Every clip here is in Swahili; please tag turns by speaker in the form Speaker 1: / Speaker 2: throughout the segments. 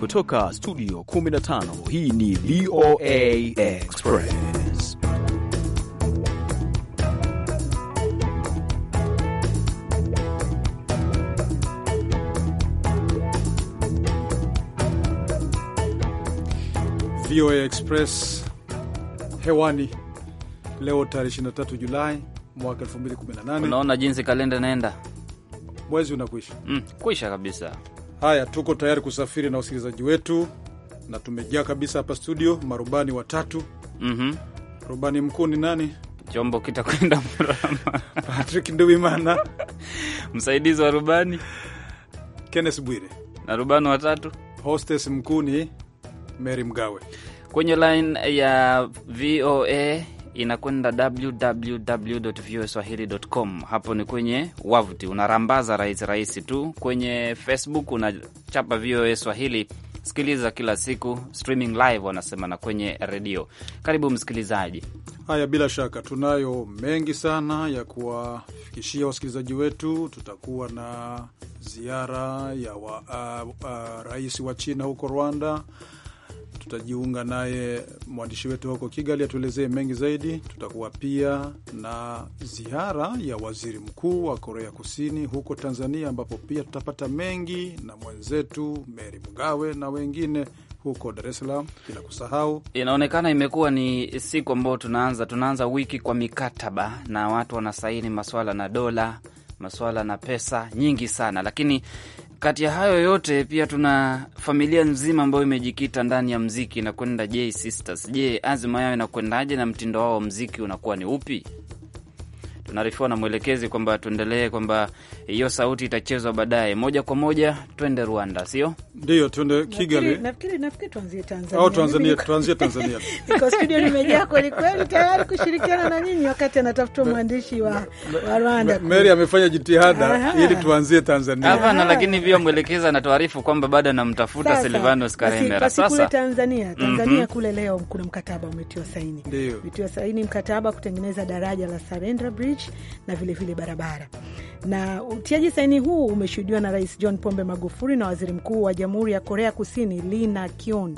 Speaker 1: Kutoka studio 15 hii ni VOA Express.
Speaker 2: VOA Express hewani leo tarehe 23 Julai mwaka 2018. Unaona
Speaker 3: jinsi kalenda inaenda,
Speaker 2: mwezi unakuisha
Speaker 3: mm, kuisha kabisa
Speaker 2: Haya, tuko tayari kusafiri na wasikilizaji wetu, na tumejaa kabisa hapa studio. Marubani watatu.
Speaker 4: mm -hmm.
Speaker 2: Rubani mkuu ni nani? Chombo kitakwenda mrama. Patrick Nduwimana
Speaker 3: msaidizi wa rubani Kenneth Bwire, na rubani watatu,
Speaker 2: hostess mkuu ni Mary Mgawe.
Speaker 3: Kwenye line ya VOA inakwenda www.voaswahili.com. Hapo ni kwenye wavuti, unarambaza rahisi rahisi tu. Kwenye Facebook unachapa VOA Swahili, sikiliza kila siku streaming live wanasema, na kwenye redio. Karibu msikilizaji.
Speaker 2: Haya, bila shaka tunayo mengi sana ya kuwafikishia wasikilizaji wetu. Tutakuwa na ziara ya wa, uh, uh, rais wa China huko Rwanda tutajiunga naye mwandishi wetu huko Kigali atuelezee mengi zaidi. Tutakuwa pia na ziara ya waziri mkuu wa Korea Kusini huko Tanzania, ambapo pia tutapata mengi na mwenzetu Meri Mgawe na wengine huko Dar es Salaam, bila kusahau,
Speaker 3: inaonekana imekuwa ni siku ambayo tunaanza tunaanza wiki kwa mikataba na watu wanasaini maswala na dola masuala na pesa nyingi sana, lakini kati ya hayo yote pia tuna familia nzima ambayo imejikita ndani ya mziki inakwenda J Sisters. Je, azima yao inakwendaje na mtindo wao wa mziki unakuwa ni upi? tunaarifiwa na mwelekezi kwamba tuendelee, kwamba hiyo sauti itachezwa baadaye. Moja kwa moja twende Rwanda, sio ndio?
Speaker 2: Tuende Kigali.
Speaker 5: Nafikiri nafikiri tuanzie Tanzania au oh, Tanzania, tuanzie Tanzania niko studio nimejaa kweli kweli, tayari kushirikiana na nyinyi wakati anatafuta mwandishi wa, wa Rwanda. Mary
Speaker 2: amefanya
Speaker 3: jitihada ili tuanzie Tanzania. Hapana, lakini pia mwelekezi anatuarifu kwamba bado anamtafuta Silvanus Karemera. Sasa kule Tanzania, mhm. Tanzania mm -hmm.
Speaker 5: kule leo kuna mkataba umetiwa saini, umetiwa saini mkataba kutengeneza daraja la Sarendra Bridge Beach na vilevile vile barabara. Na utiaji saini huu umeshuhudiwa na Rais John Pombe Magufuli na Waziri Mkuu wa Jamhuri ya Korea Kusini Lee Na-kyun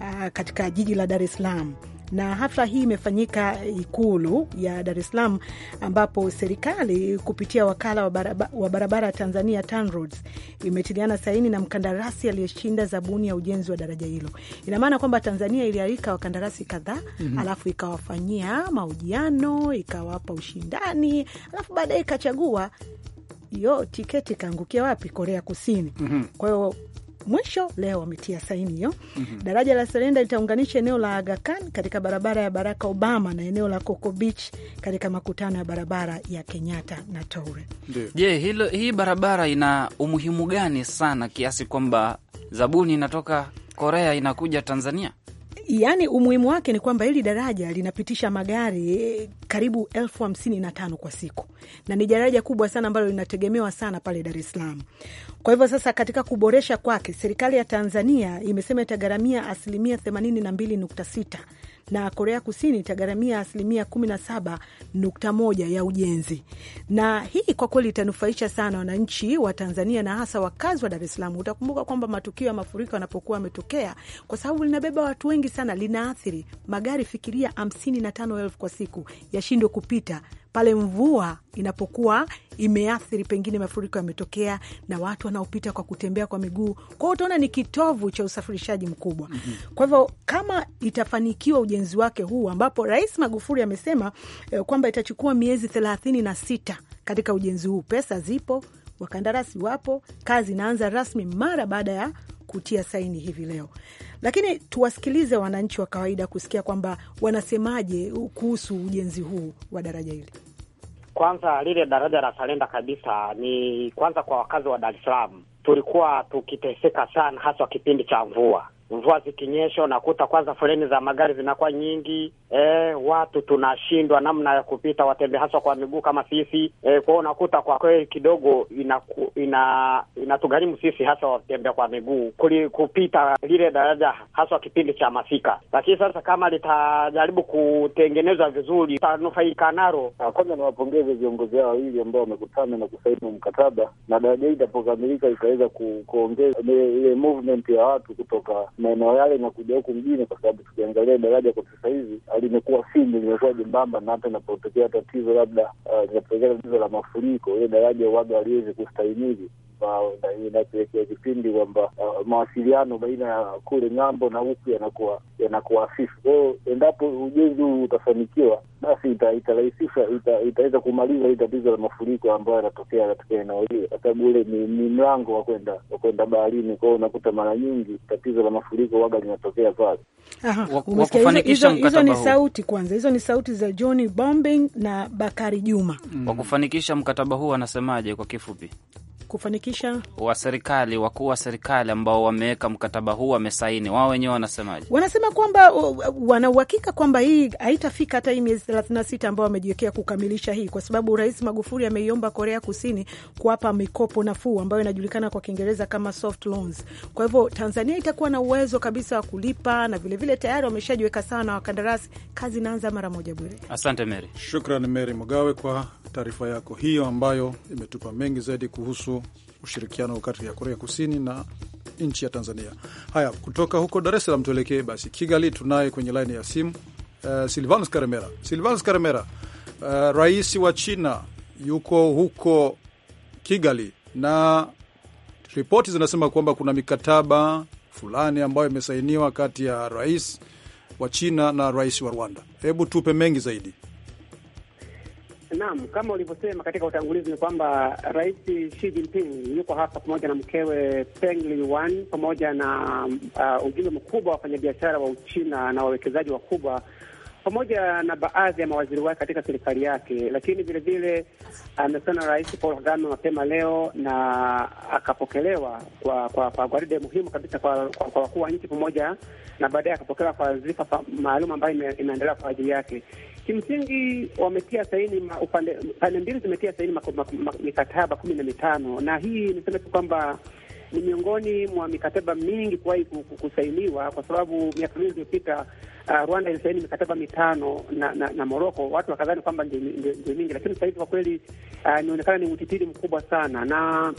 Speaker 5: ah, katika jiji la Dar es Salaam na hafla hii imefanyika Ikulu ya Dar es Salaam, ambapo serikali kupitia wakala wa barabara, wa Tanzania TANROADS imetiliana saini na mkandarasi aliyeshinda zabuni ya ujenzi wa daraja hilo. Ina maana kwamba Tanzania ilialika wakandarasi kadhaa mm -hmm. alafu ikawafanyia mahojiano ikawapa ushindani, alafu baadaye ikachagua hiyo tiketi ikaangukia wapi? Korea Kusini. mm -hmm. Kwa hiyo mwisho leo wametia saini hiyo. mm -hmm. Daraja la Selenda litaunganisha eneo la Aga Khan katika barabara ya Baraka Obama na eneo la Coco Beach katika makutano ya barabara ya Kenyatta na Toure.
Speaker 3: Je, hilo hii barabara ina umuhimu gani sana kiasi kwamba zabuni inatoka Korea inakuja Tanzania?
Speaker 5: Yaani, umuhimu wake ni kwamba hili daraja linapitisha magari eh, karibu elfu hamsini na tano kwa siku, na ni daraja kubwa sana ambalo linategemewa sana pale Dar es Salaam. Kwa hivyo sasa, katika kuboresha kwake, serikali ya Tanzania imesema itagharamia asilimia themanini na mbili nukta sita na Korea Kusini itagharamia asilimia 17.1 ya ujenzi, na hii kwa kweli itanufaisha sana wananchi wa Tanzania na hasa wakazi wa Dar es Salaam. Utakumbuka kwamba matukio ya mafuriko yanapokuwa yametokea, kwa sababu linabeba watu wengi sana, linaathiri magari, fikiria 55,000 kwa siku yashindwe kupita pale mvua inapokuwa imeathiri, pengine mafuriko yametokea na watu wanaopita kwa kutembea kwa miguu. Kwa utaona ni kitovu cha usafirishaji mkubwa. mm -hmm. Kwa hivyo kama itafanikiwa ujenzi wake huu, ambapo Rais Magufuli amesema eh, kwamba itachukua miezi thelathini na sita katika ujenzi huu, pesa zipo, wakandarasi wapo, kazi inaanza rasmi mara baada ya kutia saini hivi leo, lakini tuwasikilize wananchi wa kawaida kusikia kwamba wanasemaje kuhusu ujenzi huu wa daraja hili.
Speaker 6: Kwanza lile daraja la Salenda kabisa ni kwanza kwa wakazi wa Dar es Salaam, tulikuwa tukiteseka sana, haswa kipindi cha mvua mvua zikinyesha, unakuta kwanza foleni za magari zinakuwa nyingi eh, watu tunashindwa namna ya kupita, watembea haswa kwa miguu kama sisi eh, kwao unakuta kwa kweli kidogo inaku, ina inatugharimu sisi hasa watembea kwa miguu kuli kupita lile daraja haswa kipindi cha masika, lakini sasa kama litajaribu kutengenezwa vizuri tanufaika nalo. Ah, kwanza niwapongeze viongozi hao wawili ambao wamekutana na kusaini mkataba, na daraja hii itapokamilika itaweza kuongeza ile movement ya watu kutoka maeneo yale inakuja huku mjini, kwa sababu tukiangalia daraja kwa sasa hivi limekuwa finyu, limekuwa jembamba, na hata inapotokea tatizo labda uh, inapotokea tatizo la mafuriko, ile daraja uwaga aliwezi kustahimili kwamba inapelekea vipindi kwamba uh, mawasiliano baina ya kule ng'ambo na huku yanakuwa yanakuwa hafifu. Kwa hiyo endapo ujenzi huu utafanikiwa, basi itarahisisha ita, itaweza kumaliza hili tatizo la mafuriko ambayo yanatokea katika eneo hilo, kwa sababu ule ni, ni mlango wa kwenda wa kwenda baharini. Kwa hiyo unakuta mara nyingi tatizo la mafuriko waga linatokea pale.
Speaker 5: Hizo ni sauti kwanza, hizo ni sauti za John Bombing na Bakari Juma.
Speaker 3: Mm. Wa kufanikisha mkataba huu anasemaje kwa kifupi?
Speaker 5: kufanikisha
Speaker 3: wa serikali, wakuu wa serikali ambao wameweka mkataba huu wamesaini, wao wenyewe wanasemaje?
Speaker 5: Wanasema kwamba wana uhakika kwamba hii haitafika hata hii miezi sita ambao wamejiwekea kukamilisha hii, kwa sababu Rais Magufuli ameiomba Korea Kusini kuwapa mikopo nafuu ambayo inajulikana kwa Kiingereza kama soft loans. Kwa hivyo Tanzania itakuwa na uwezo kabisa wa kulipa na vilevile tayari wameshajiweka sawa na wakandarasi, kazi inaanza mara moja bure.
Speaker 2: Asante Mary. Shukran Mary Mgawe kwa taarifa yako hiyo ambayo imetupa mengi zaidi kuhusu ushirikiano kati ya Korea Kusini na nchi ya Tanzania. Haya, kutoka huko Dar es Salaam tuelekee basi Kigali. Tunaye kwenye laini ya simu uh, Silvanus Karemera. Silvanus Karemera, uh, rais wa China yuko huko Kigali na ripoti zinasema kwamba kuna mikataba fulani ambayo imesainiwa kati ya rais wa China na rais wa Rwanda. Hebu tupe mengi zaidi.
Speaker 6: Naam, kama ulivyosema katika utangulizi ni kwamba Rais Xi Jinping yuko hapa pamoja na mkewe Peng Liyuan pamoja na uh, ujumbe mkubwa wa wafanyabiashara wa Uchina na wawekezaji wakubwa pamoja na baadhi ya mawaziri wake katika serikali yake. Lakini vile vile amesema uh, Rais Paul Kagame mapema leo na akapokelewa kwa kwa kwa gwaride muhimu kabisa kwa kwa wakuu wa nchi pamoja na baadaye akapokelewa kwa zifa maalum ambayo imeendelea kwa ajili yake. Kimsingi wametia saini upande, pande mbili zimetia saini mikataba kumi na mitano na hii niseme tu kwamba ni miongoni mwa mikataba mingi kuwahi kusainiwa kwa sababu miaka mingi iliyopita uh, Rwanda ilisaini mikataba mitano na, na, na Moroko. Watu wakadhani kwamba ndio mingi, lakini sasa hivi kwa kweli uh, inaonekana ni utitiri mkubwa sana na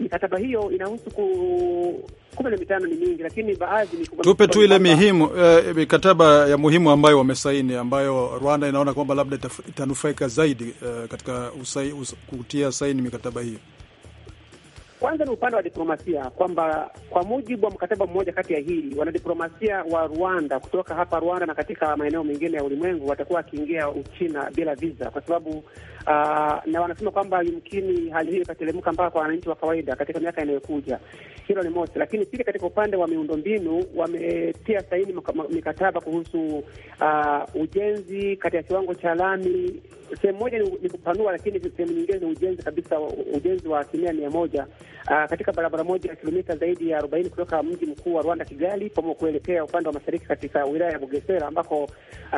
Speaker 6: mikataba hiyo inahusu ku kumi na mitano ni mingi, lakini baadhi ni tupe tu
Speaker 2: ile muhimu eh, mikataba ya muhimu ambayo wamesaini ambayo Rwanda inaona kwamba labda itanufaika zaidi eh, katika usai, us, kutia saini mikataba hiyo.
Speaker 6: Kwanza ni upande wa diplomasia, kwamba kwa mujibu wa mkataba mmoja kati ya hili, wanadiplomasia wa Rwanda kutoka hapa Rwanda na katika maeneo mengine ya ulimwengu watakuwa wakiingia Uchina bila visa, kwa sababu Uh, na wanasema kwamba yumkini hali hiyo ikateremka mpaka kwa wananchi wa kawaida katika miaka inayokuja. Hilo ni mosi, lakini pili, katika upande wa miundombinu wametia saini mikataba kuhusu uh, ujenzi kati ya kiwango cha lami. Sehemu moja ni, ni kupanua, lakini sehemu nyingine ni ujenzi kabisa, ujenzi wa asilimia mia moja uh, katika barabara moja ya kilomita zaidi ya arobaini kutoka mji mkuu wa Rwanda Kigali, pamoja kuelekea upande wa mashariki katika wilaya ya Bugesera ambako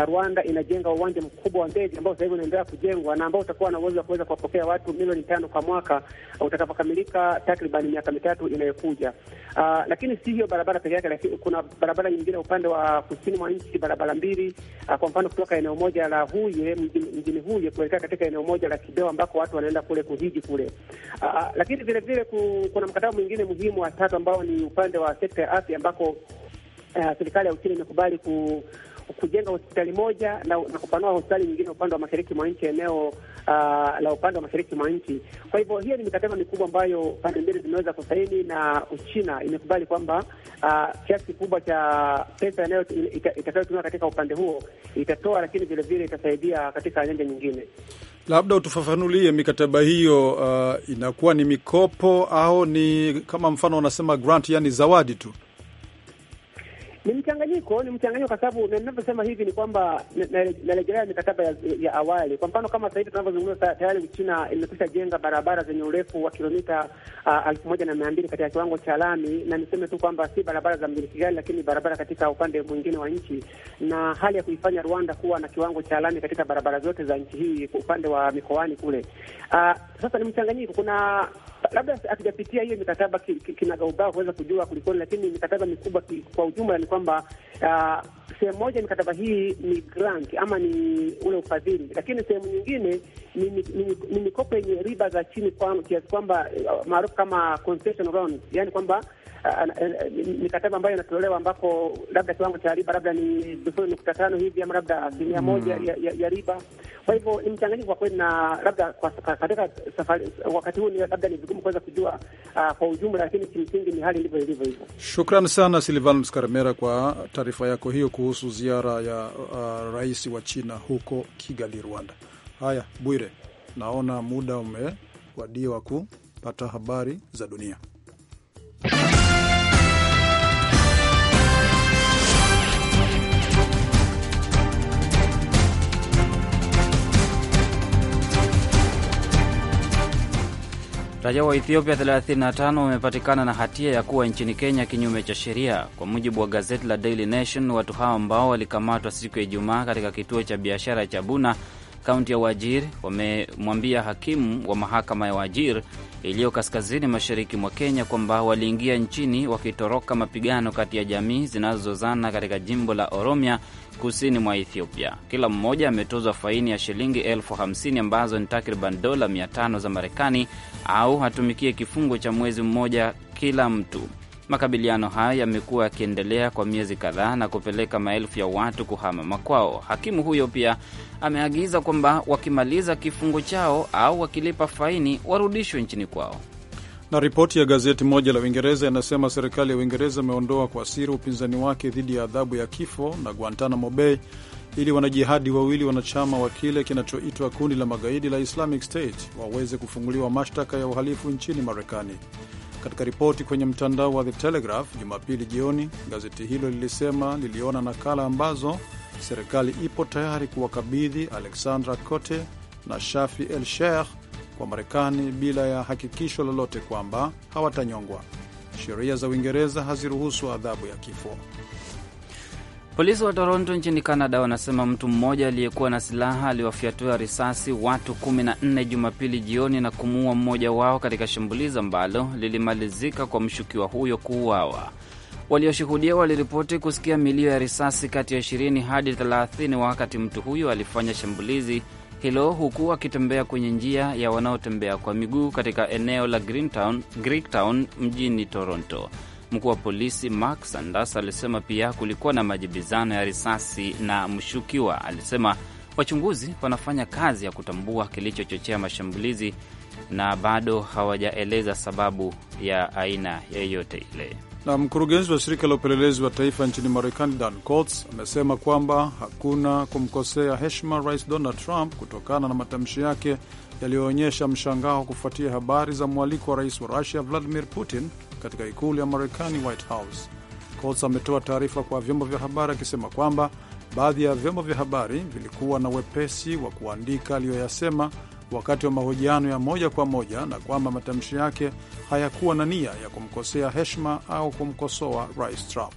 Speaker 6: Rwanda inajenga uwanja mkubwa wa ndege ambao sasa hivi unaendelea kujengwa na ambao kuwa na uwezo wa kuweza kuwapokea watu milioni tano kwa mwaka uh, utakapokamilika takriban miaka mitatu inayokuja. Uh, lakini si hiyo barabara peke yake, lakini kuna barabara nyingine upande wa kusini mwa nchi, barabara mbili. Uh, kwa mfano kutoka eneo moja la Huye mjini, mjini Huye kuelekea katika eneo moja la Kibeo ambako watu wanaenda kule kuhiji kule. Uh, lakini vile vile kuna mkataba mwingine muhimu wa tatu ambao ni upande wa sekta ya afya ambako Uh, serikali ya Uchina imekubali ku, kujenga hospitali moja na, na kupanua hospitali nyingine upande wa mashariki mwa nchi, eneo uh, la upande wa mashariki mwa nchi. Kwa hivyo hiyo ni mikataba mikubwa ambayo pande mbili zimeweza kusaini, na Uchina imekubali kwamba uh, kiasi kikubwa cha pesa itakayotumiwa katika upande huo itatoa, lakini vilevile itasaidia katika nyanja nyingine.
Speaker 2: Labda utufafanulie mikataba hiyo, uh, inakuwa ni mikopo au ni kama mfano wanasema grant, yani zawadi tu?
Speaker 6: Ni mchanganyiko, ni mchanganyiko kwa sababu ninavyosema hivi ni kwamba narejelea mikataba ya, ya awali. Kwa mfano kama sasa hivi tunavyozungumza, tayari Uchina imekwisha jenga barabara zenye urefu wa kilomita elfu ah, moja na mia mbili katika kiwango cha lami, na niseme tu kwamba si barabara za mjini Kigali, lakini barabara katika upande mwingine wa nchi, na hali ya kuifanya Rwanda kuwa na kiwango cha lami katika barabara zote za nchi hii upande wa mikoani kule. Aa, ah, sasa ni mchanganyiko, kuna labda hatujapitia hiyo mikataba kinaga ubao kuweza kujua kulikoni, lakini mikataba mikubwa kwa ujumla ni kwamba uh, sehemu moja mikataba hii ni grant ama ni ule ufadhili, lakini sehemu nyingine ni, ni, ni, ni mikopo yenye riba za chini kwa kiasi kwamba uh, maarufu kama concession loan, yani kwamba mikataba ambayo inatolewa ambapo labda kiwango cha riba labda ni sifuri nukta tano hivi ama labda asilimia hmm. moja ya, ya, ya riba. Kwa hivyo ni mchanganyiko kwa kweli, na labda katika safari wakati huu labda ni vigumu kuweza kujua uh, kwa ujumla, lakini kimsingi ni hali ndivyo ilivyo hivyo.
Speaker 2: Shukran sana Silvan Mskaremera kwa taarifa yako hiyo kuhusu ziara ya uh, rais wa China huko Kigali, Rwanda. Haya, Bwire, naona muda umewadia wa kupata habari za dunia.
Speaker 3: Raia wa Ethiopia 35 wamepatikana na hatia ya kuwa nchini Kenya kinyume cha sheria, kwa mujibu wa gazeti la Daily Nation. Watu hao ambao walikamatwa siku ya Ijumaa katika kituo cha biashara cha Buna, kaunti ya Wajir, wamemwambia hakimu wa mahakama ya Wajir iliyo kaskazini mashariki mwa Kenya kwamba waliingia nchini wakitoroka mapigano kati ya jamii zinazozozana katika jimbo la Oromia kusini mwa Ethiopia. Kila mmoja ametozwa faini ya shilingi elfu hamsini ambazo ni takriban dola 5 za Marekani au atumikie kifungo cha mwezi mmoja kila mtu. Makabiliano haya yamekuwa yakiendelea kwa miezi kadhaa na kupeleka maelfu ya watu kuhama makwao. Hakimu huyo pia ameagiza kwamba wakimaliza kifungo chao au wakilipa faini
Speaker 2: warudishwe nchini kwao. Na ripoti ya gazeti moja la Uingereza inasema serikali ya Uingereza imeondoa kwa siri upinzani wake dhidi ya adhabu ya kifo na Guantanamo Bay ili wanajihadi wawili wanachama wa kile kinachoitwa kundi la magaidi la Islamic State waweze kufunguliwa mashtaka ya uhalifu nchini Marekani. Katika ripoti kwenye mtandao wa The Telegraph Jumapili jioni, gazeti hilo lilisema liliona nakala ambazo serikali ipo tayari kuwakabidhi Alexandra Cote na Shafi El Sheikh kwa Marekani bila ya hakikisho lolote kwamba hawatanyongwa. Sheria za Uingereza haziruhusu adhabu ya kifo.
Speaker 3: Polisi wa Toronto nchini canada wanasema mtu mmoja aliyekuwa na silaha aliwafyatua risasi watu 14 Jumapili jioni na kumuua mmoja wao katika shambulizi ambalo lilimalizika kwa mshukiwa huyo kuuawa. Walioshuhudia waliripoti kusikia milio ya risasi kati ya 20 hadi 30 wakati mtu huyo alifanya shambulizi hilo huku akitembea kwenye njia ya wanaotembea kwa miguu katika eneo la Greentown, Greektown mjini Toronto. Mkuu wa polisi Mark Sanders alisema pia kulikuwa na majibizano ya risasi na mshukiwa. Alisema wachunguzi wanafanya kazi ya kutambua kilichochochea mashambulizi na bado hawajaeleza sababu ya aina yoyote ile.
Speaker 2: Na mkurugenzi wa shirika la upelelezi wa taifa nchini Marekani, Dan Coats, amesema kwamba hakuna kumkosea heshima Rais Donald Trump kutokana na matamshi yake yaliyoonyesha mshangao kufuatia habari za mwaliko wa rais wa Rusia Vladimir Putin katika ikulu ya Marekani, White House. Coats ametoa taarifa kwa vyombo vya habari akisema kwamba baadhi ya vyombo vya habari vilikuwa na wepesi wa kuandika aliyoyasema wakati wa mahojiano ya moja kwa moja na kwamba matamshi yake hayakuwa na nia ya kumkosea heshima au kumkosoa Rais Trump.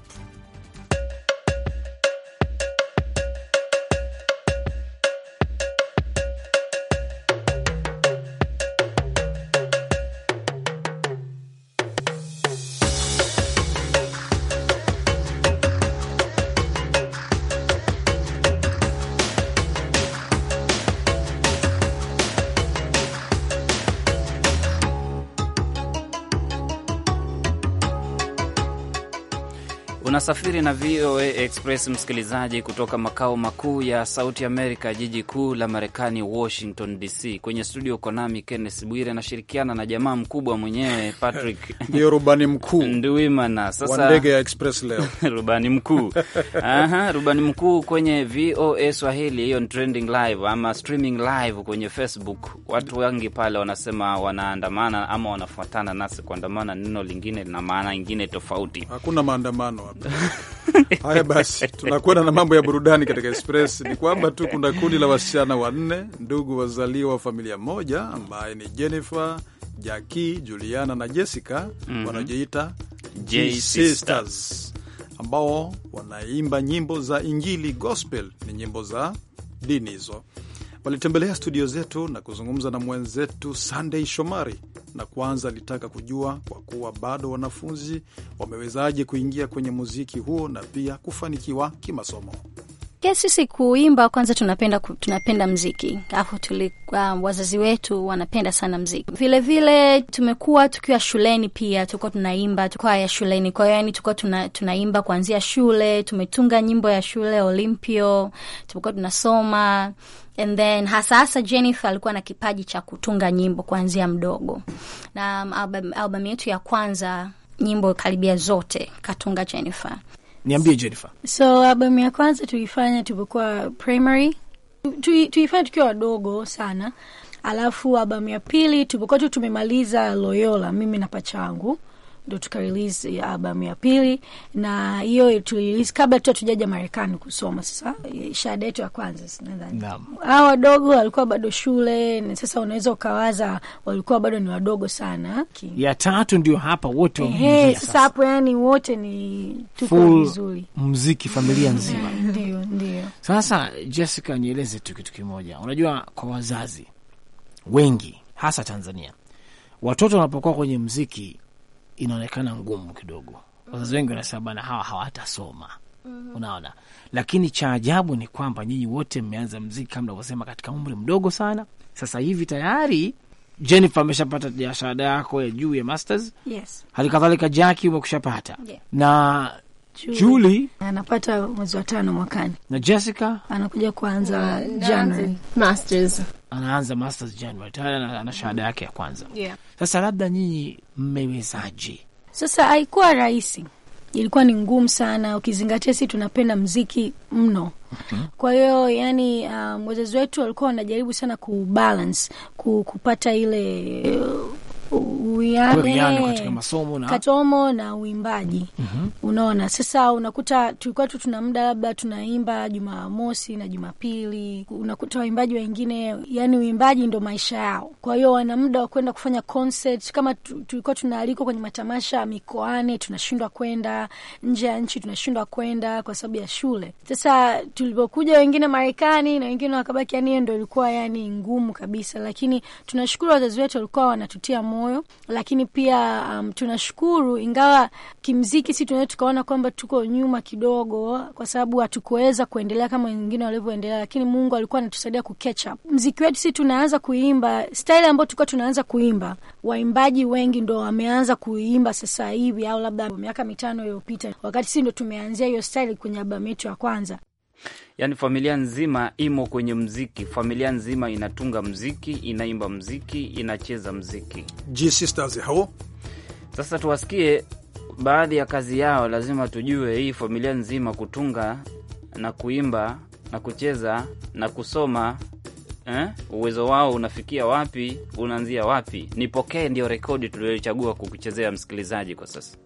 Speaker 3: Unasafiri na VOA Express, msikilizaji, kutoka makao makuu ya Sauti Amerika, jiji kuu la Marekani, Washington DC. Kwenye studio uko nami Kennes Bwire, anashirikiana na jamaa mkubwa mwenyewe Patrick ndio rubani mkuu Nduimana. Sasa ndege ya
Speaker 2: Express leo
Speaker 3: rubani mkuu aha, rubani mkuu kwenye VOA Swahili, hiyo ni trending live ama streaming live kwenye Facebook. Watu wengi pale wanasema wanaandamana ama wanafuatana nasi kuandamana, neno lingine lina maana ingine tofauti. Hakuna
Speaker 2: maandamano hapa Haya basi, tunakwenda na mambo ya burudani katika Express. Ni kwamba tu kuna kundi la wasichana wanne ndugu wazaliwa wa familia moja ambaye ni Jennifer, Jackie, Juliana na Jessica mm -hmm. wanajiita J Sisters ambao wanaimba nyimbo za Injili, gospel. Ni nyimbo za dini hizo walitembelea studio zetu na kuzungumza na mwenzetu sandey Shomari, na kwanza alitaka kujua kwa kuwa bado wanafunzi wamewezaje kuingia kwenye muziki huo na pia kufanikiwa kimasomo.
Speaker 7: Yes, sisi kuimba kwanza tunapenda tunapenda mziki afu alafu um, wazazi wetu wanapenda sana mziki vilevile. vile, Tumekuwa tukiwa shuleni pia tukuwa tunaimba tukwa ya shuleni, kwa hiyo yani tukuwa tuna, tunaimba kuanzia shule. Tumetunga nyimbo ya shule Olimpio, tumekuwa tunasoma and then hasa hasa Jennifer alikuwa na kipaji cha kutunga nyimbo kuanzia mdogo, na um, albamu album yetu ya kwanza nyimbo karibia zote katunga Jennifer.
Speaker 8: Niambie Jennifer.
Speaker 7: So albamu ya kwanza tuifanya tulipokuwa primary, tuifanya tukiwa wadogo sana, alafu albamu ya pili tulipokuwa tu tumemaliza Loyola, mimi na pachangu ndo tukarelease ya eh, albamu ya pili, na hiyo tulirelease kabla tu hatujaja Marekani kusoma. Sasa eh, shahada yetu ya kwanza nadhani hao wadogo walikuwa bado shule, na sasa unaweza ukawaza walikuwa bado ni wadogo sana.
Speaker 8: Ya tatu ndio hapa wote wameingia
Speaker 7: sasa hapo, yani wote ni tuko vizuri,
Speaker 8: muziki familia mm, nzima ndio ndio. Sasa Jessica, nieleze tu kitu kimoja, unajua kwa wazazi wengi hasa Tanzania, watoto wanapokuwa kwenye mziki inaonekana ngumu kidogo. Wazazi wengi wanasema bana, hawa hawatasoma. Mhm. Unaona, lakini cha ajabu ni kwamba nyinyi wote mmeanza mziki kama navyosema katika umri mdogo sana. Sasa hivi tayari Jennifer ameshapata shahada yako ya juu ya masters. Yes. Hali kadhalika Jackie umekushapata. Yeah. Na juli
Speaker 7: anapata mwezi wa tano mwakani,
Speaker 8: na Jessica
Speaker 7: anakuja kuanza January
Speaker 8: masters, anaanza masters January tayari ana shahada yake ya kwanza yeah. Sasa labda nyinyi mmewezaje?
Speaker 7: Sasa haikuwa rahisi, ilikuwa ni ngumu sana, ukizingatia si tunapenda mziki mno mhm. kwa hiyo yani, um, wazazi wetu walikuwa wanajaribu sana kubalance kupata ile uwiano katika masomo na katomo na uimbaji. mm -hmm. Unaona, sasa unakuta tulikuwa tu tuna muda labda tunaimba Jumamosi na Jumapili. Unakuta waimbaji wengine, yani uimbaji ndo maisha yao, kwa hiyo wana muda wa kwenda kufanya concert. Kama tulikuwa tunaalikwa kwenye matamasha mikoani, tunashindwa kwenda nje ya nchi, tunashindwa kwenda kwa sababu ya shule. Sasa tulipokuja wengine Marekani na wengine wakabaki, yani hiyo ndo ilikuwa yani ngumu kabisa, lakini tunashukuru wazazi wetu walikuwa wanatutia moyo moyo, lakini pia um, tunashukuru ingawa kimziki si tunaweza tukaona kwamba tuko nyuma kidogo, kwa sababu hatukuweza kuendelea kama wengine walivyoendelea, lakini Mungu alikuwa anatusaidia ku catch up. Mziki wetu si tunaanza kuimba style ambayo tulikuwa tunaanza kuimba, waimbaji wengi ndo wameanza kuimba sasa hivi, au labda miaka mitano iliyopita, wakati si ndo tumeanzia hiyo style kwenye albamu yetu ya kwanza
Speaker 3: yani familia nzima imo kwenye mziki, familia nzima inatunga mziki, inaimba mziki, inacheza mziki.
Speaker 2: G sisters hao.
Speaker 3: Sasa tuwasikie baadhi ya kazi yao, lazima tujue hii familia nzima kutunga na kuimba na kucheza na kusoma eh? Uwezo wao unafikia wapi? Unaanzia wapi? Nipokee ndio rekodi tuliyochagua kukuchezea msikilizaji kwa sasa.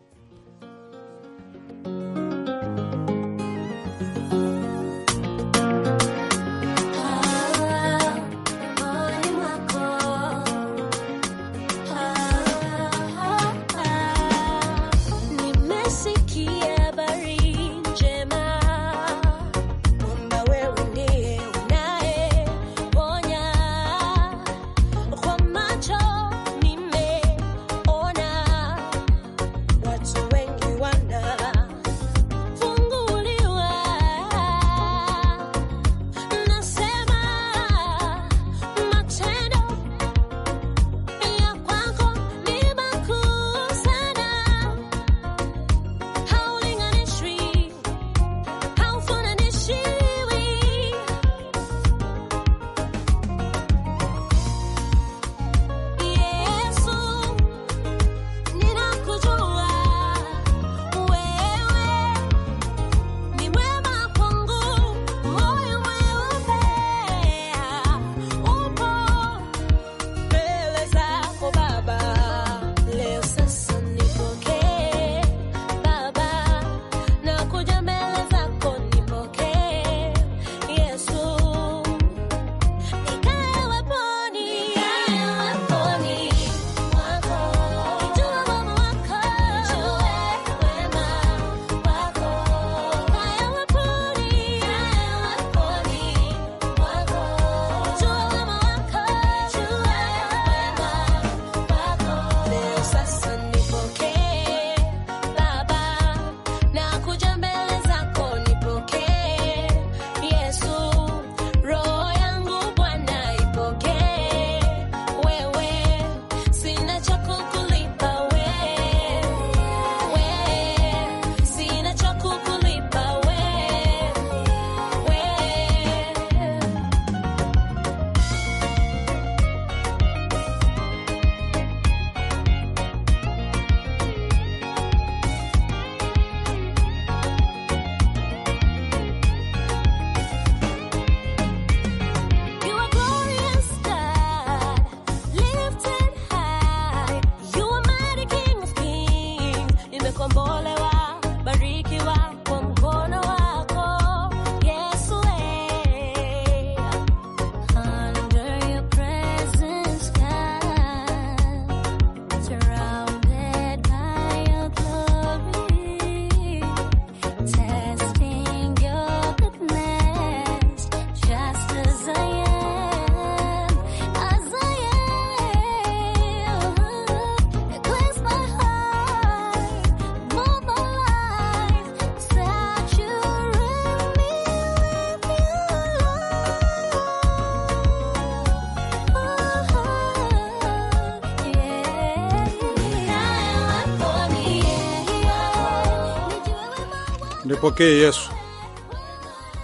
Speaker 2: Mpokee Yesu.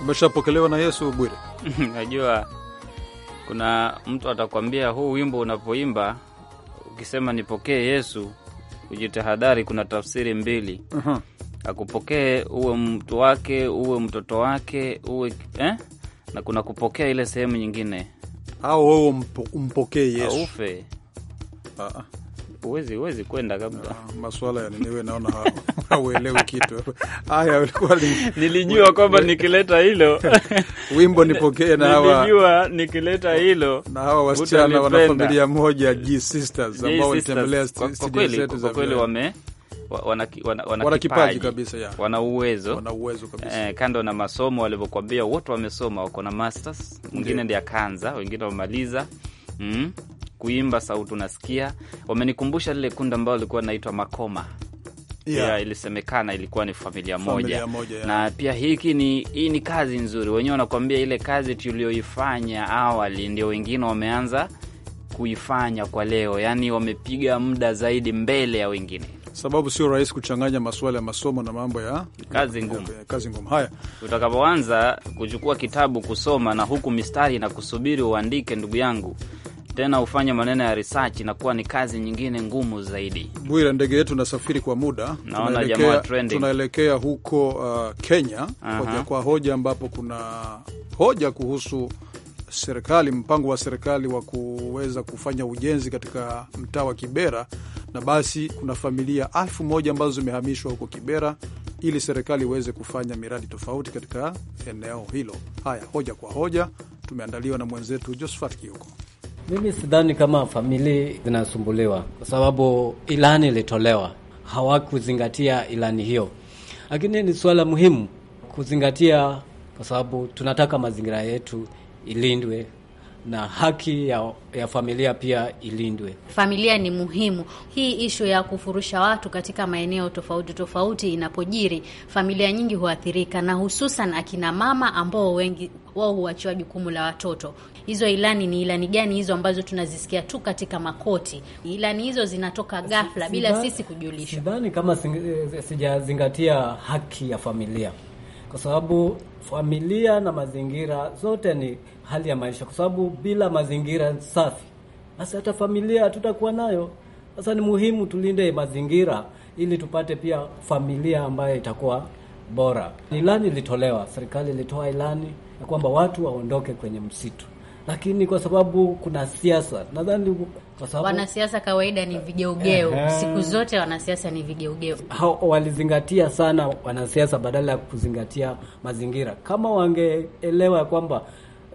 Speaker 2: Umeshapokelewa na Yesu Bwire?
Speaker 3: Najua kuna mtu atakwambia huu wimbo unapoimba, ukisema nipokee Yesu, ujitahadhari, kuna tafsiri mbili. uh -huh. Akupokee uwe mtu wake, uwe mtoto wake, uwe eh? na kuna kupokea ile sehemu nyingine,
Speaker 2: au wewe umpokee Yesu
Speaker 3: aufe. uh ah, -huh. Ah
Speaker 2: hapo huwezi huwezi kwenda kabla. Uh, ah, maswala ya Niniwe naona hauelewi kitu. Haya, ulikuwa nilijua kwamba nikileta hilo wimbo nipokee na hawa
Speaker 3: nilijua nikileta hilo na hawa wasichana wana familia
Speaker 2: moja G Sisters ambao walitembelea studio zetu za kweli wame
Speaker 3: wana, wana, wana, wana kipaji kabisa ya. Wana uwezo, wana uwezo kabisa. Eh, kando na masomo walivyokuambia wote wamesoma, wako na masters, mwingine ndio akanza, wengine wamemaliza mm kuimba, sauti unasikia. Wamenikumbusha lile kundi ambayo lilikuwa naitwa Makoma. Yeah. Yeah, ilisemekana ilikuwa ni familia moja, familia moja yeah. Na pia hiki ni hii ni kazi nzuri, wenyewe wanakuambia ile kazi tuliyoifanya awali ndio wengine wameanza kuifanya kwa leo, yaani wamepiga muda zaidi mbele ya wengine,
Speaker 2: sababu sio rahisi kuchanganya masuala ya masomo na mambo ya
Speaker 3: kazi ngumu. Kazi ngumu. Haya, utakapoanza kuchukua kitabu kusoma na huku mistari na kusubiri uandike, ndugu yangu tena ufanye maneno ya research, inakuwa ni kazi nyingine ngumu zaidi.
Speaker 2: Bwira, ndege yetu nasafiri kwa muda, tunaelekea tunaelekea huko uh, Kenya Aha. hoja kwa hoja, ambapo kuna hoja kuhusu serikali mpango wa serikali wa kuweza kufanya ujenzi katika mtaa wa Kibera, na basi kuna familia elfu moja ambazo zimehamishwa huko Kibera ili serikali iweze kufanya miradi tofauti katika eneo hilo. Haya, hoja kwa hoja tumeandaliwa na mwenzetu Josephat Kioko.
Speaker 8: Mimi sidhani kama familia zinasumbuliwa kwa sababu ilani ilitolewa, hawakuzingatia ilani hiyo, lakini ni suala muhimu kuzingatia, kwa sababu tunataka mazingira yetu ilindwe na haki ya, ya familia pia ilindwe.
Speaker 9: Familia ni muhimu. Hii ishu ya kufurusha watu katika maeneo tofauti tofauti inapojiri, familia nyingi huathirika, na hususan akina mama ambao wengi wao huachiwa jukumu la watoto. Hizo ilani ni ilani gani hizo ambazo tunazisikia tu katika makoti? Ilani hizo zinatoka ghafla bila sisi
Speaker 8: kujulishwa. Sidhani kama eh, sijazingatia haki ya familia kwa sababu familia na mazingira zote ni hali ya maisha, kwa sababu bila mazingira safi, basi hata familia hatutakuwa nayo. Sasa ni muhimu tulinde mazingira ili tupate pia familia ambayo itakuwa bora. Ilani ilitolewa, serikali ilitoa ilani ya kwamba watu waondoke kwenye msitu lakini kwa sababu kuna siasa, nadhani kwa sababu wanasiasa
Speaker 9: kawaida ni vigeugeu uh -huh. Siku zote wanasiasa ni vigeugeu.
Speaker 8: Walizingatia sana wanasiasa badala ya kuzingatia mazingira. Kama wangeelewa kwamba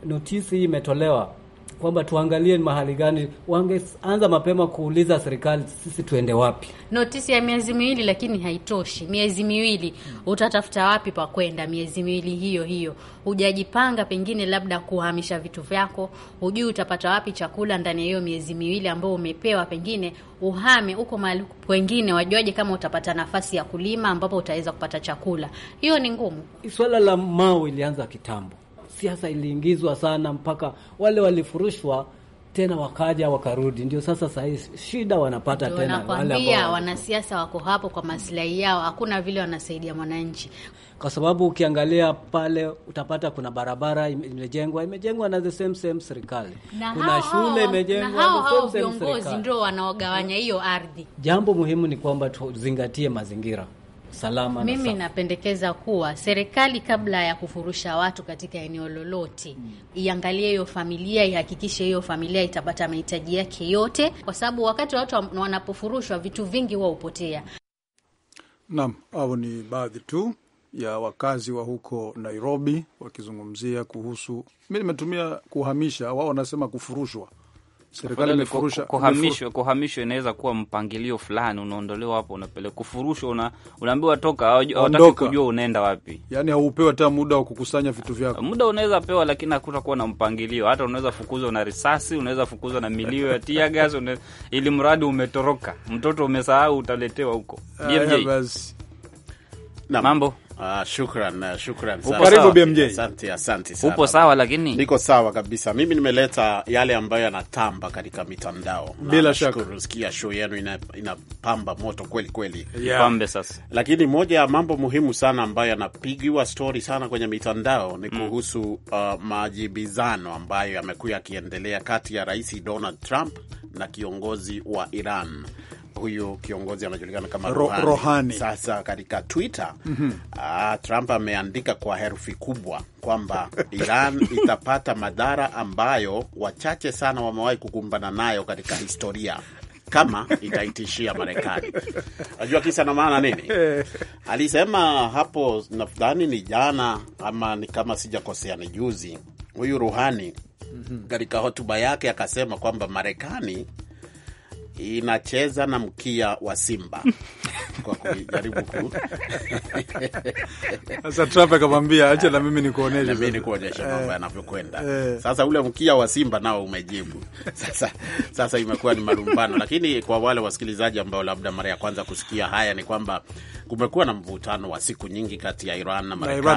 Speaker 8: notisi hii imetolewa kwamba tuangalie ni mahali gani wangeanza mapema kuuliza serikali, sisi tuende wapi?
Speaker 9: Notisi ya miezi miwili, lakini haitoshi. Miezi miwili utatafuta wapi pa kwenda? Miezi miwili hiyo hiyo hujajipanga, pengine labda kuhamisha vitu vyako, hujui utapata wapi chakula ndani ya hiyo miezi miwili ambayo umepewa, pengine uhame huko mahali pengine, wajuaje kama utapata nafasi ya kulima ambapo utaweza kupata chakula? Hiyo ni ngumu.
Speaker 8: Swala la mao ilianza kitambo siasa iliingizwa sana mpaka wale walifurushwa tena wakaja wakarudi, ndio sasa sahii shida wanapata ndio tena. Wanakwambia
Speaker 9: wanasiasa wako hapo kwa maslahi yao, hakuna vile wanasaidia mwananchi,
Speaker 8: kwa sababu ukiangalia pale utapata kuna barabara imejengwa imejengwa na the same same serikali, kuna shule imejengwa na hao viongozi
Speaker 9: ndio wanaogawanya hiyo ardhi.
Speaker 8: Jambo muhimu ni kwamba tuzingatie mazingira salama. Mimi na
Speaker 9: napendekeza kuwa serikali kabla ya kufurusha watu katika eneo lolote mm, iangalie hiyo familia, ihakikishe hiyo familia itapata mahitaji yake yote, kwa sababu wakati watu wanapofurushwa vitu vingi huwa hupotea.
Speaker 2: Naam, au ni baadhi tu ya wakazi wa huko Nairobi wakizungumzia kuhusu, mi nimetumia kuhamisha, wao wanasema kufurushwa serikali imefurusha. Kuhamishwa
Speaker 3: kuhamishwa inaweza kuwa mpangilio fulani, unaondolewa hapo, unapeleka kufurushwa, una, unaambiwa toka, hawataki kujua unaenda wapi.
Speaker 2: Yani haupewi hata muda wa kukusanya vitu vyako. Muda
Speaker 3: unaweza pewa, lakini hakutakuwa na mpangilio. Hata unaweza fukuzwa na risasi, unaweza fukuzwa na milio ya tia gas, ili mradi umetoroka,
Speaker 1: mtoto umesahau, utaletewa huko. Eh, basi mambo Ah, shukran, eh, shukran sana. Karibu BMJ. Asante, asante sana. Upo sawa lakini? Niko sawa kabisa. Mimi nimeleta yale ambayo yanatamba katika mitandao. bila shaka Sikia show yenu inapamba ina moto kweli kweli. Yeah. Pambe sasa. Lakini moja ya mambo muhimu sana ambayo yanapigiwa story sana kwenye mitandao ni mm. kuhusu mm. uh, majibizano ambayo yamekuwa yakiendelea kati ya Rais Donald Trump na kiongozi wa Iran huyu kiongozi anajulikana kama Ro Rohani. Sasa katika Twitter mm -hmm. uh, Trump ameandika kwa herufi kubwa kwamba Iran itapata madhara ambayo wachache sana wamewahi kukumbana nayo katika historia kama itaitishia Marekani. Najua kisa na maana nini. Alisema hapo, nadhani ni jana ama ni kama sijakosea, ni juzi, huyu Ruhani mhm. katika hotuba yake akasema kwamba Marekani inacheza na mkia wa simba kwa kujaribu ku sasa Trump akamwambia acha na mimi nikuoneshe, mimi nikuoneshe eh. mambo yanavyokwenda. Eh. Sasa ule mkia wa Simba nao umejibu sasa, sasa imekuwa ni marumbano, Lakini kwa wale wasikilizaji ambao labda mara ya kwanza kusikia haya ni kwamba kumekuwa na mvutano wa siku nyingi kati ya Iran na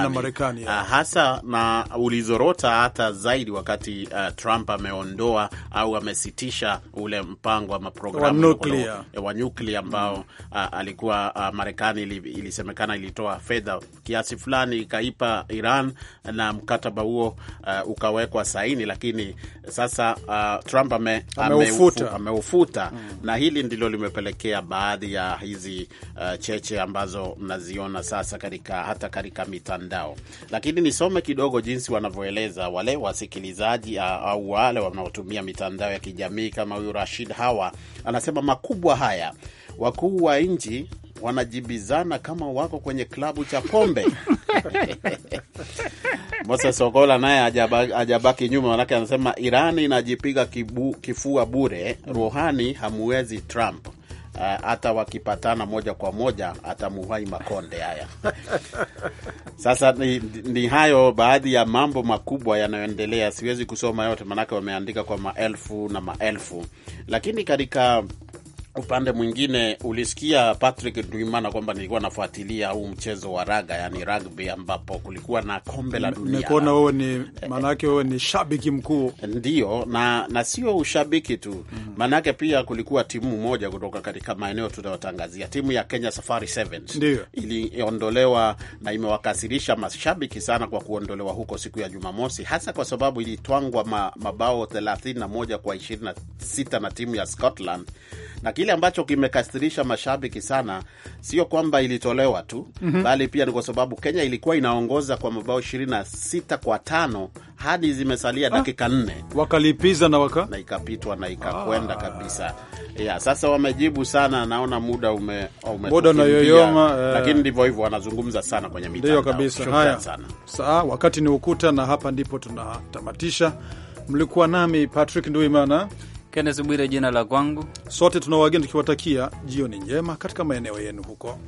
Speaker 1: Marekani ah, hasa na ulizorota hata zaidi wakati uh, Trump ameondoa au amesitisha ule mpango wa maprogramu wa nyuklia ambao mm. uh, alikuwa uh, Marekani ili, ilisemekana ilitoa fedha kiasi fulani ikaipa Iran na mkataba huo uh, ukawekwa saini, lakini sasa uh, Trump ame, ameufuta, ame Mm. Na hili ndilo limepelekea baadhi ya hizi uh, cheche ambazo mnaziona sasa katika, hata katika mitandao, lakini nisome kidogo jinsi wanavyoeleza wale wasikilizaji uh, au wale wanaotumia mitandao ya kijamii kama huyu Rashid Hawa anasema makubwa haya wakuu wa nchi wanajibizana kama wako kwenye klabu cha pombe. Moses Sokola naye hajabaki nyuma, manake anasema iran inajipiga kifua bure. ruhani hamuwezi Trump ah, hata uh, wakipatana moja kwa moja atamuhai makonde haya. Sasa ni, ni hayo baadhi ya mambo makubwa yanayoendelea. Siwezi kusoma yote, maanake wameandika kwa maelfu na maelfu, lakini katika upande mwingine ulisikia Patrick Duimana kwamba nilikuwa nafuatilia huu mchezo wa raga, yani rugby, ambapo kulikuwa na kombe la dunia. Nimekuona
Speaker 2: wewe ni maanake, wewe ni shabiki
Speaker 1: mkuu. Ndio, na na sio ushabiki tu, mm-hmm. maanake mm -hmm. pia kulikuwa timu moja kutoka katika maeneo tunayotangazia, timu ya Kenya Safari Sevens iliondolewa, na imewakasirisha mashabiki sana kwa kuondolewa huko siku ya Jumamosi, hasa kwa sababu ilitwangwa ma, mabao 31 kwa 26 na timu ya Scotland na kile ambacho kimekasirisha mashabiki sana sio kwamba ilitolewa tu mm -hmm. bali pia ni kwa sababu Kenya ilikuwa inaongoza kwa mabao 26 kwa tano hadi zimesalia ah. dakika nne wakalipiza na waka na ikapitwa na ikakwenda ah. kabisa ya sasa wamejibu sana, naona muda ume, muda na yoyoma, eh, lakini ndivyo hivyo wanazungumza sana kwenye mitandao. kabisa. Haya,
Speaker 2: saa wakati ni ukuta, na hapa ndipo tunatamatisha. Mlikuwa nami Patrick Nduimana Kennes Bwire jina la kwangu. Sote tuna tukiwatakia jioni njema katika maeneo yenu huko.